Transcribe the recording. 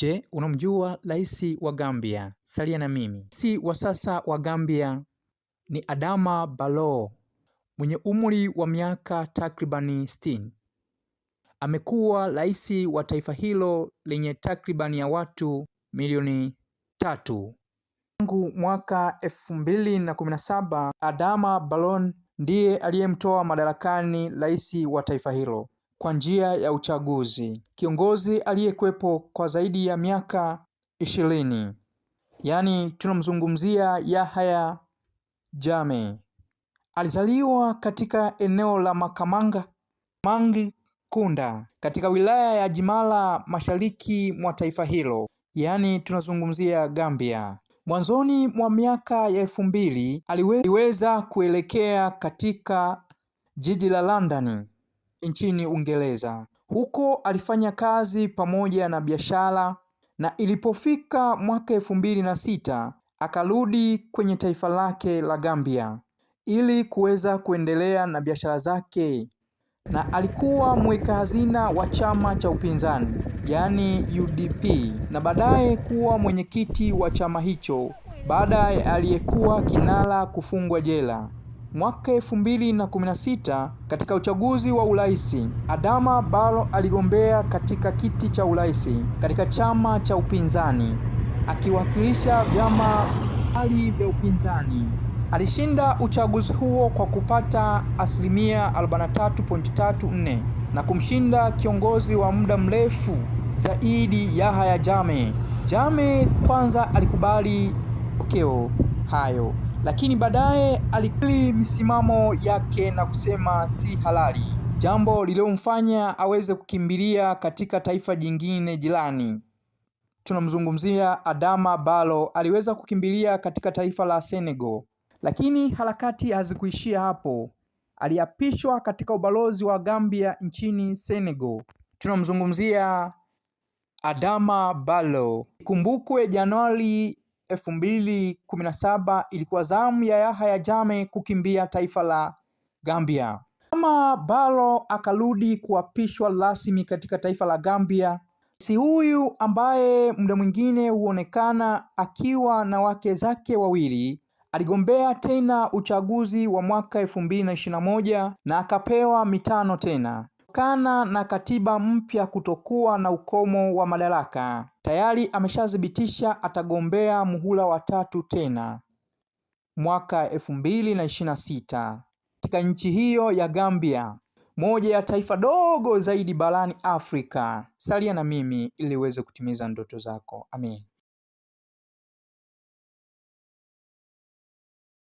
Je, unamjua rais wa Gambia? Salia na mimi. Si wa sasa wa Gambia ni Adama Barrow mwenye umri wa miaka takribani 60. Amekuwa rais wa taifa hilo lenye takribani ya watu milioni tatu tangu mwaka 2017. Adama Barrow ndiye aliyemtoa madarakani rais wa taifa hilo kwa njia ya uchaguzi. Kiongozi aliyekuwepo kwa zaidi ya miaka ishirini, yaani tunamzungumzia Yahya jame Alizaliwa katika eneo la Makamanga Mangi Kunda katika wilaya ya Jimala mashariki mwa taifa hilo, yaani tunazungumzia Gambia. Mwanzoni mwa miaka ya elfu mbili aliweza kuelekea katika jiji la London nchini Uingereza. Huko alifanya kazi pamoja na biashara na ilipofika mwaka elfu mbili na sita akarudi kwenye taifa lake la Gambia ili kuweza kuendelea na biashara zake, na alikuwa mweka hazina wa chama cha upinzani yaani UDP, na baadaye kuwa mwenyekiti wa chama hicho baada ya aliyekuwa kinara kufungwa jela mwaka 2016 katika uchaguzi wa urais. Adama Barrow aligombea katika kiti cha urais katika chama cha upinzani akiwakilisha vyama ali vya upinzani. Alishinda uchaguzi huo kwa kupata asilimia 43.34 na kumshinda kiongozi wa muda mrefu zaidi Yahya Jammeh. Jammeh kwanza alikubali matokeo hayo lakini baadaye alikiri misimamo yake na kusema si halali, jambo lililomfanya aweze kukimbilia katika taifa jingine jirani. Tunamzungumzia Adama Barrow, aliweza kukimbilia katika taifa la Senegal, lakini harakati hazikuishia hapo. Aliapishwa katika ubalozi wa Gambia nchini Senegal. Tunamzungumzia Adama Barrow. Kumbukwe Januari elfu mbili kumi na saba ilikuwa zamu ya Yahya Jammeh kukimbia taifa la Gambia. Kama Barrow akarudi kuapishwa rasmi katika taifa la Gambia, si huyu ambaye muda mwingine huonekana akiwa na wake zake wawili aligombea tena uchaguzi wa mwaka elfu mbili na ishirini na moja na akapewa mitano tena. Kutokana na katiba mpya kutokuwa na ukomo wa madaraka, tayari ameshathibitisha atagombea muhula wa tatu tena mwaka 2026 katika nchi hiyo ya Gambia, moja ya taifa dogo zaidi barani Afrika. Salia na mimi ili uweze kutimiza ndoto zako. Amin.